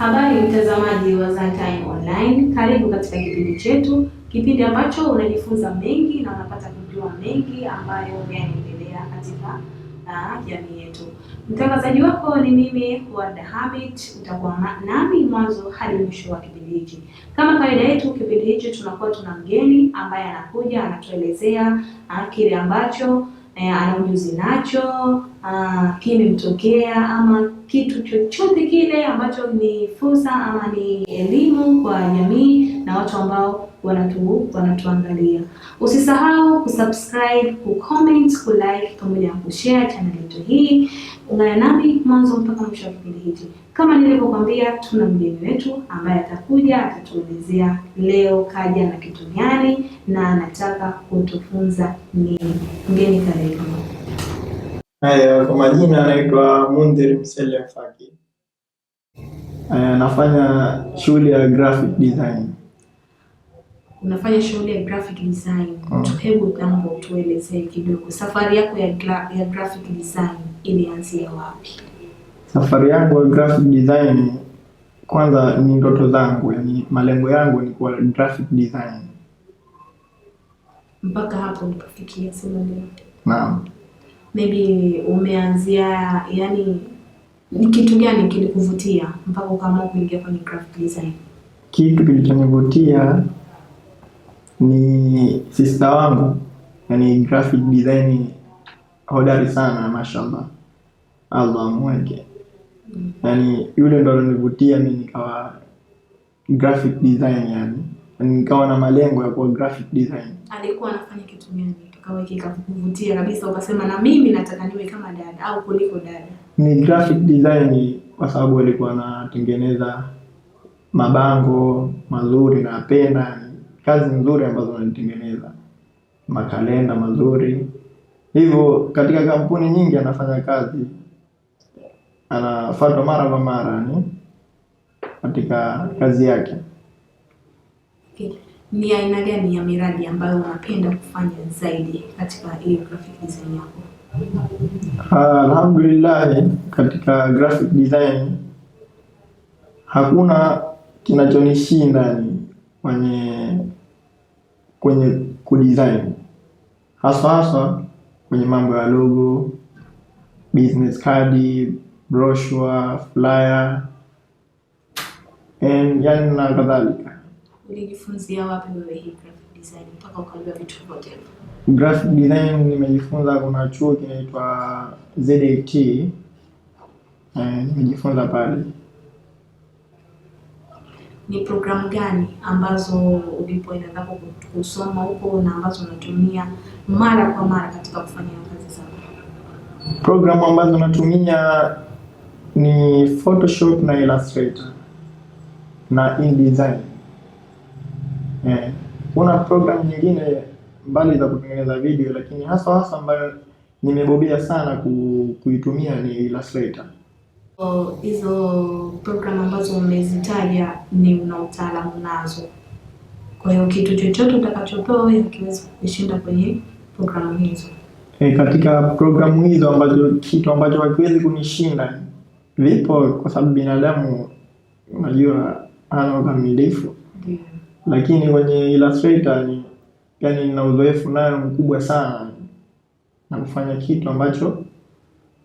Habari mtazamaji wa Zantime Online, karibu katika kipindi chetu, kipindi ambacho unajifunza mengi na unapata kujua mengi ambayo yanaendelea katika ah, jamii yetu. Mtangazaji wako ni mimi Warda Hamid, nitakuwa nami mwanzo hadi mwisho wa kipindi hiki. Kama kawaida yetu, kipindi hichi tunakuwa tuna mgeni ambaye anakuja anatuelezea ah, kile ambacho eh, ana ujuzi nacho, ah, kimemtokea ama kitu chochote kile ambacho ni fursa ama ni elimu kwa jamii na watu ambao wanatu, wanatuangalia. Usisahau kusubscribe, kucomment, kulike pamoja na kushare channel yetu hii. Ungana nami mwanzo mpaka mwisho wa kipindi hiki. Kama nilivyokuambia tuna mgeni wetu ambaye atakuja atatuelezea leo kaja na kitu gani na anataka kutufunza nini. Mgeni karibu. Haya, eh, kwa majina anaitwa Mundhir Mselle Mfaki. Anafanya eh, shughuli ya graphic design. Unafanya shughuli ya graphic design. Mm. Hebu kama tuelezee kidogo safari yako ya, gra ya graphic design ilianzia wapi? Safari yangu ya graphic design, kwanza ni ndoto zangu, yani malengo yangu ni kuwa graphic design. Mpaka hapo nikafikia, sema leo. Naam maybe umeanzia yani ni kitu gani kilikuvutia mpaka ukaamua kuingia kwenye graphic design? Kitu kilichonivutia ni sista wangu, yani graphic design hodari sana, mashaallah, Allah amweke. Mm. Yani yule ndo alonivutia mimi nikawa graphic design yani nikawa na malengo ya kuwa graphic design. Alikuwa anafanya kitu gani? akaweke ikakuvutia kabisa, ukasema na mimi nataka niwe kama dada au kuliko dada? Ni graphic design, kwa sababu walikuwa anatengeneza mabango mazuri na pena, kazi nzuri ambazo wanitengeneza, makalenda mazuri hivyo. Katika kampuni nyingi anafanya kazi, anafuatwa mara kwa mara ni katika kazi yake okay ni aina gani ya miradi ambayo unapenda kufanya zaidi katika hii graphic design yako? Ah, alhamdulillah, katika graphic design hakuna kinachonishinda kwenye kwenye kudesign, haswa haswa kwenye mambo ya logo, business card, brochure, flyer and yani na kadhalika ulijifunzia wapi wewe hii graphic design mpaka vitu vyote? Graphic design nimejifunza, kuna chuo kinaitwa ZAT eh, nimejifunza pale. Ni programu gani ambazo ulipoenda kusoma huko na ambazo unatumia mara kwa mara katika kufanya kazi zako? Programu ambazo natumia ni Photoshop na Illustrator na InDesign. Eh, kuna programu nyingine mbali za kutengeneza video, lakini hasa hasa ambayo nimebobea sana ku, kuitumia ni Illustrator. Hizo programu ambazo umezitaja ni una utaalamu nazo, kwa hiyo kitu chochote utakachopewa wewe hakiwezi kushinda kwenye programu hizo. E, katika programu hizo ambazo kitu ambacho hakiwezi kunishinda vipo, kwa sababu binadamu unajua ana ukamilifu lakini kwenye Illustrator ni yani, nina uzoefu nayo mkubwa sana na kufanya kitu ambacho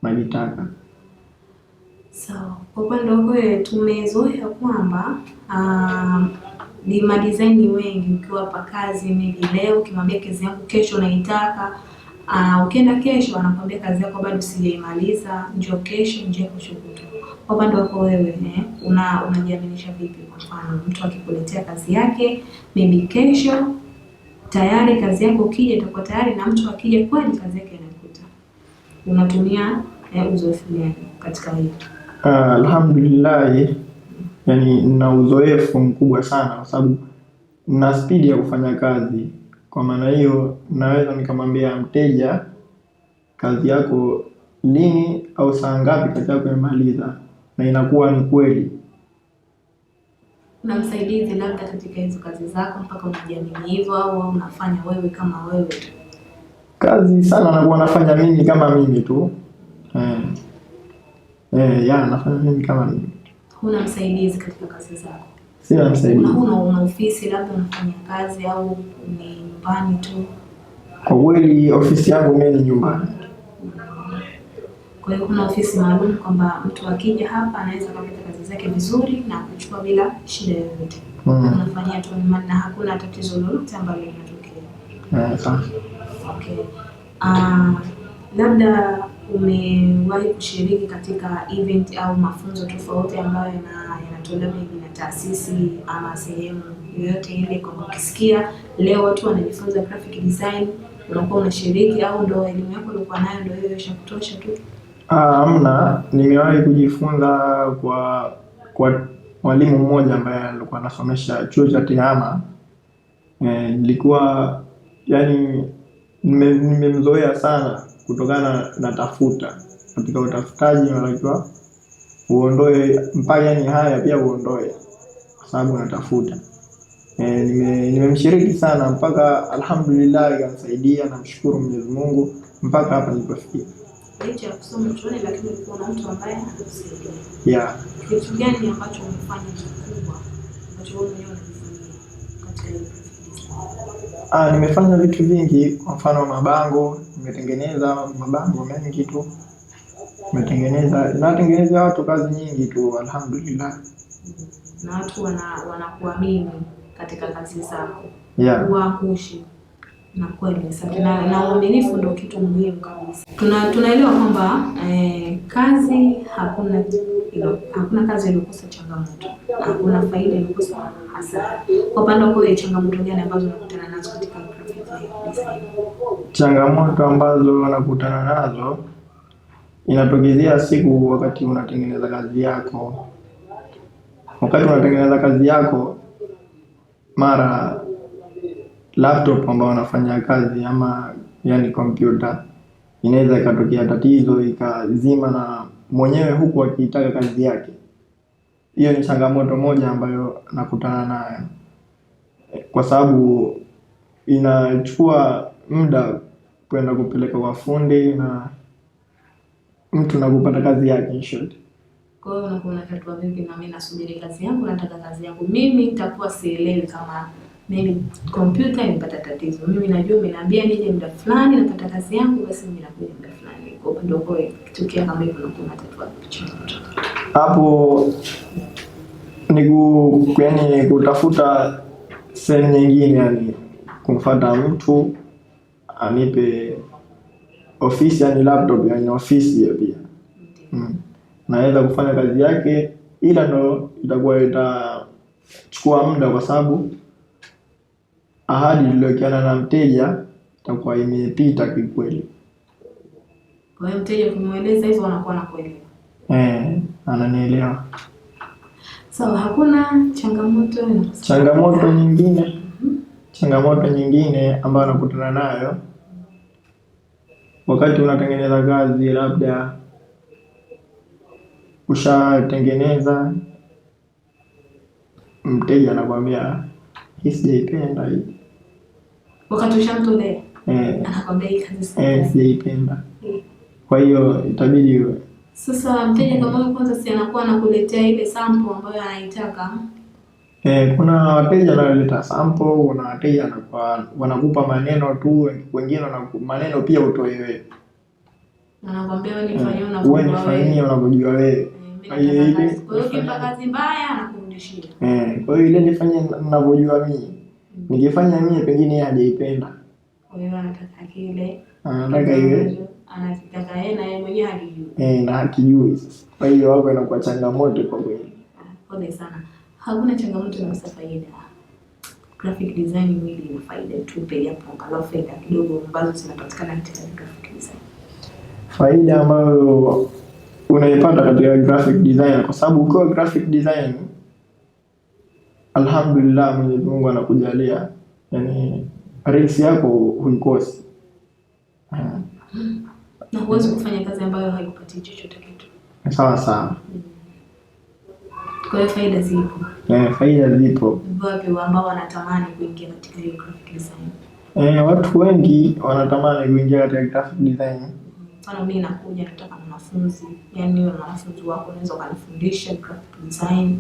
najitaka. Sawa. Kwa upande wako tumezoea kwamba ah, ni madesign wengi, ukiwapa kazi maybe leo, ukimwambia kazi yangu kesho naitaka Uh, ukienda kesho anakuambia kazi yako bado sijaimaliza, njoo kesho, njoo kesho kutwa. Kwa upande wako wewe eh, una unajiaminisha vipi? Kwa mfano mtu akikuletea kazi yake maybe kesho tayari kazi yako ukija itakuwa tayari, na mtu akija kweli kazi yake inakuta, unatumia eh, uzoefu gani katika hili? Uh, ah, alhamdulillah, yani na uzoefu mkubwa sana kwa sababu na spidi ya kufanya kazi kwa maana hiyo, naweza nikamwambia mteja, kazi yako lini au saa ngapi kazi yako imemaliza, na inakuwa ni kweli. Kuna msaidizi labda katika hizo kazi zako mpaka unajiamini hivyo, au unafanya wewe kama wewe tu? Kazi sana nakuwa nafanya mimi kama mimi tu eh. Eh, ya nafanya mimi kama mimi. Huna msaidizi katika kazi zako? una ofisi labda unafanya kazi au ni nyumbani tu? Kwa kweli ofisi yangu mimi ni nyumbani. Kwa hiyo kuna ofisi maalum kwamba mtu akija hapa anaweza kupata kazi zake vizuri na kuchukua bila shida yoyote. Mm. Unafanyia tu na hakuna tatizo lolote ambalo linatokea. Mm, okay. Uh, labda umewahi kushiriki katika event au mafunzo tofauti ambayo yanatolewa taasisi ama sehemu yoyote ile, kwa ukisikia leo watu wanajifunza graphic design unakuwa unashiriki au ndo elimu yako ulikuwa nayo ndo hiyo kutosha tu? Ah, hamna, nimewahi kujifunza kwa kwa mwalimu mmoja ambaye alikuwa anasomesha chuo cha Tehama. Eh, nilikuwa e, yani nimemzoea sana kutokana na tafuta. Katika utafutaji unatakiwa uondoe mpaka, yani haya pia uondoe sababu natafuta. E, eh, nimemshiriki nime sana mpaka alhamdulillah ikamsaidia, namshukuru Mwenyezi Mungu mpaka hapa nilipofikia. Yeah. Ah, nimefanya vitu vingi, kwa mfano mabango, nimetengeneza mabango mengi tu, nimetengeneza natengeneza watu kazi nyingi tu alhamdulillah. Mm-hmm na watu wanakuamini wana katika kazi zako yeah. Uwakushi na kweli na, na uaminifu ndio kitu muhimu kabisa. Tuna, tunaelewa kwamba eh, kazi hakuna ilo, hakuna kazi iliyokosa changamoto, hakuna faida iliyokosa hasara. Kwa upande wako, changamoto gani ambazo unakutana nazo katika Changamoto ambazo unakutana nazo inatokezea siku wakati unatengeneza kazi yako wakati unatengeneza kazi yako, mara laptop ambayo unafanyia kazi ama yani kompyuta inaweza ikatokea tatizo ikazima na mwenyewe huku akiitaka kazi yake. Hiyo ni changamoto moja ambayo nakutana nayo, kwa sababu inachukua muda kwenda kupeleka kwa fundi na mtu na kupata kazi yake in short. Kwa hiyo unakuwa unatatua vipi? Na mimi nasubiri kazi yangu, nataka kazi yangu. Mimi nitakuwa sielewi kama mimi kompyuta inapata tatizo. Mimi najua umeniambia nije muda fulani, napata kazi yangu, basi mimi nakuja muda fulani. Kwa upande wako kitokea kama hivyo, unakuwa unatatua changamoto hapo ni ku yani kutafuta sehemu nyingine, yani kumfuata mtu anipe ofisi, yani laptop, yani ofisi hiyo pia mm naweza kufanya kazi yake, ila ndo itakuwa itachukua muda, kwa sababu ahadi iliyokiana na mteja itakuwa imepita kikweli. Kwa hiyo mteja ukimweleza hizo anakuwa anakuelewa. Eh, ananielewa. So, hakuna changamoto changamoto nyingine mhm. Changamoto nyingine ambayo anakutana nayo wakati unatengeneza kazi labda Ushatengeneza, mteja anakwambia hii sijaipenda hii, wakati ushamtolea eh, anakwambia hii kazi eh, sijaipenda. Mm. Kwa hiyo itabidi sasa mteja kama kwanza, si anakuwa anakuletea ile sample ambayo anaitaka. Eh, kuna wateja wanaleta sample, kuna wateja wanakuwa wanakupa maneno tu, wengine wana maneno pia utoe wewe, anakuambia wewe nifanyie eh, unavyojua wewe Eh, kwa hiyo ile nifanye ninavyojua mimi, mm. nikifanya mimi pengine yeye hajaipenda, anataka iwe eh, na hakijui sasa. Kwa hiyo hapo inakuwa changamoto kwa kweli. Ah, pole sana. Hakuna changamoto na faida. Graphic design mwili ina faida tu pekee hapo, angalau faida kidogo ambazo zinapatikana katika graphic design. Faida ambayo unaipata katika graphic design, kwa sababu ukiwa graphic design, alhamdulillah, Mwenyezi Mungu anakujalia yani reels yako huikosi na huwezi kufanya kazi ambayo haikupatii chochote kitu. Sawa sawa. Kwa hiyo faida zipo. Eh, faida zipo. Wapi ambao wanatamani kuingia katika hiyo graphic design? Eh, watu wengi wanatamani kuingia katika graphic design mfano mimi nakuja nataka mwanafunzi yani wewe mwanafunzi wako unaweza ukanifundisha graphic design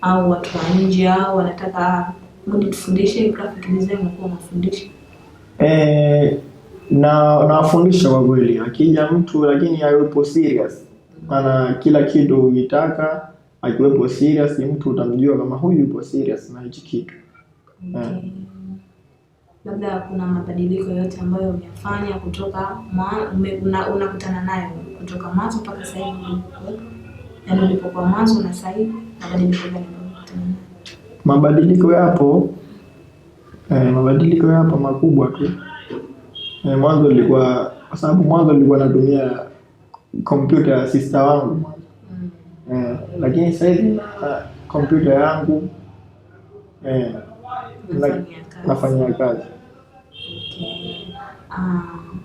au watu wa nje au wanataka mbona tufundishe graphic design na kuwa mafundisho eh na nawafundisha kwa kweli, akija mtu lakini awepo serious, maana kila kitu unitaka akiwepo serious mtu utamjua kama huyu yupo serious na hichi kitu okay. yeah labda kuna mabadiliko yote ambayo umefanya kutoka unakutana nayo kutoka mwanzo mpaka sasa hivi ulipo, yaani ulipokuwa mwanzo na sasa hivi mabadiliko gani unakutana Mabadiliko yapo eh, mabadiliko yapo makubwa tu eh, mwanzo nilikuwa kwa sababu mwanzo nilikuwa natumia kompyuta ya sister wangu mm. eh, lakini sasa hivi ah, kompyuta yangu eh, nafanyia kazi. Um,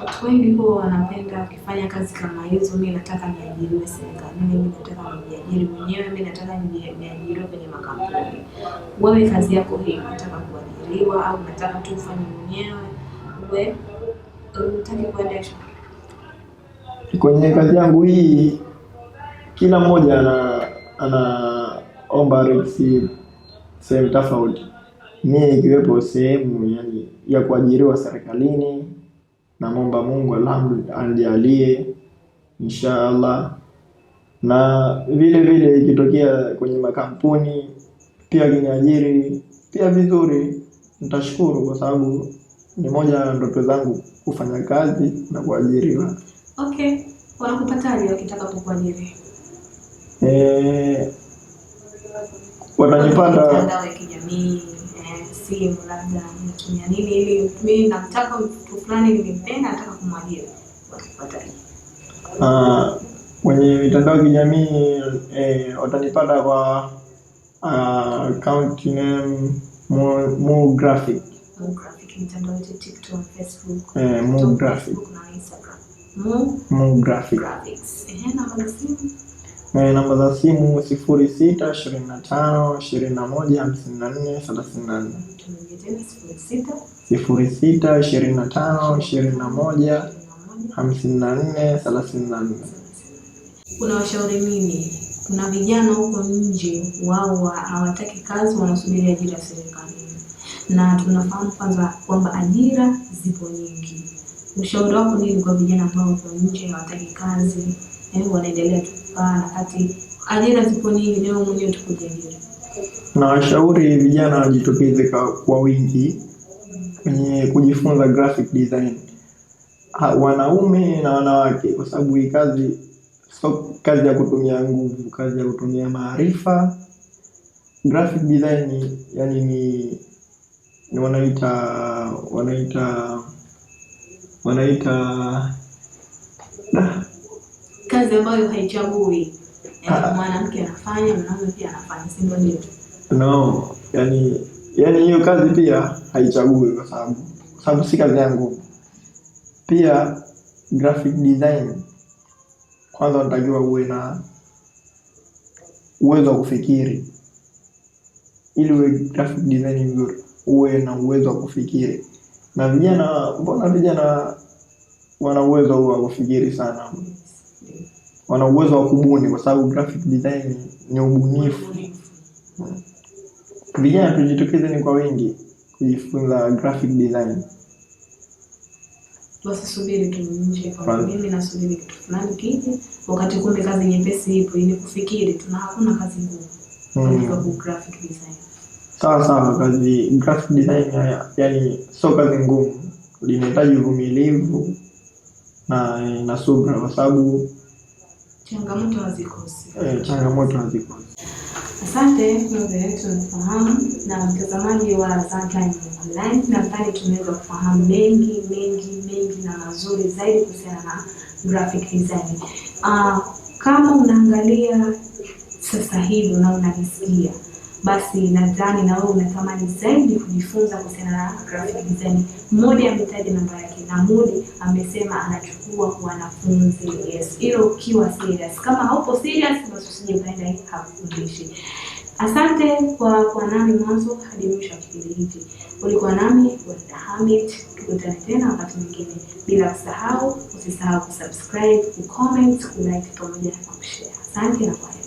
watu wengi huwa wanapenda ukifanya kazi kama hizo, mi nataka niajiriwe serikalini, mi nataka nijiajiri mwenyewe, mi nataka niajiriwe kwenye makampuni. Wewe kazi yako hii unataka kuajiriwa au unataka tu ufanye mwenyewe? We unataka kuendeshwa kwenye kazi yangu hii? Kila mmoja ana anaomba riziki sehemu tofauti mi ikiwepo sehemu yani ya kuajiriwa serikalini, namomba Mungu alhamdulillah inshaallah insha Allah. Na vile vile ikitokea kwenye makampuni pia kiniajiri pia vizuri, nitashukuru kwa sababu ni moja ya ndoto zangu kufanya kazi na kuajiriwa. Okay, wanakupataje wakitaka kukuajiri? Eh, watanipata mtandao ya kijamii simu labda nikimya nini, ili mimi nataka mtu fulani nilimpenda, nataka kumwajiri wakifuataje? Uh, ah, kwenye mitandao ya kijamii eh, watanipata kwa uh, account name mo Graphic. mo Graphic, mitandao yote TikTok, Facebook, eh, mo Graphic na Instagram. mo mo Graphic. Graphics. Eh, na simu namba za simu sifuri sita ishirini na tano ishirini na moja hamsini na nne thelathini na nne sifuri sita ishirini na tano ishirini na moja hamsini na nne thelathini na nne. Kuna washauri nini? Kuna vijana huko nje wao hawataki kazi, wanasubiri ajira ya serikali, na tunafahamu kwanza kwamba ajira zipo nyingi. Ushauri wako nini kwa vijana ambao wako nje hawataki kazi, yaani wanaendelea tu kutokana kati ajira ziko nyingi, leo mwenyewe tuko Na washauri vijana wajitokeze kwa wingi kwenye kujifunza graphic design, wanaume na wanawake, kwa sababu hii kazi sio kazi ya kutumia nguvu, kazi ya kutumia maarifa. Graphic design yani ni, ni wanaita wanaita wanaita nah kazi ambayo haichagui, eh, ah. mwanamke anafanya, mwanaume pia anafanya, si ndio? Ndio, no, yani yani hiyo kazi pia haichagui, kwa sababu kwa sababu si kazi yangu. Pia graphic design, kwanza unatakiwa uwe na uwezo wa kufikiri ili uwe graphic design mzuri, uwe na uwezo wa kufikiri. Na vijana, mbona vijana wana uwezo huo wa kufikiri sana? wana uwezo wa kubuni, kwa sababu graphic design ni ubunifu. Vijana tujitokeze ni kwa wingi kujifunza graphic design. Wasisubiri tu nje, kwa mimi nasubiri kitu fulani kije, wakati kumbe kazi nyepesi ipo ili kufikiri tuna hakuna kazi ngumu katika hmm. graphic design. Sawa sawa, kazi graphic design ya, yani sio kazi ngumu, linahitaji uvumilivu na na subra, kwa sababu Changamoto hazikosi. Eh, changamoto hazikosi. Asante yetu nafahamu, na mtazamaji wa Zantime Online, nadhani tumeweza kufahamu mengi mengi mengi na mazuri zaidi kuhusiana na graphic design. Uh, kama unaangalia sasa hivi na unanisikia basi nadhani na wewe unatamani zaidi kujifunza kuhusiana na graphic design. Mmoja ametaja namba yake na Mudi amesema anachukua wanafunzi. Yes, hilo ukiwa serious. Kama haupo serious, basi usije ukaenda hakufundishi. Asante kwa kwa nami mwanzo hadi mwisho wa kipindi hiki. Ulikuwa nami Walda Hamid, tukutane tena wakati mwingine, bila kusahau, usisahau kusubscribe, kucomment, kulike pamoja na kushare. Asante na kwa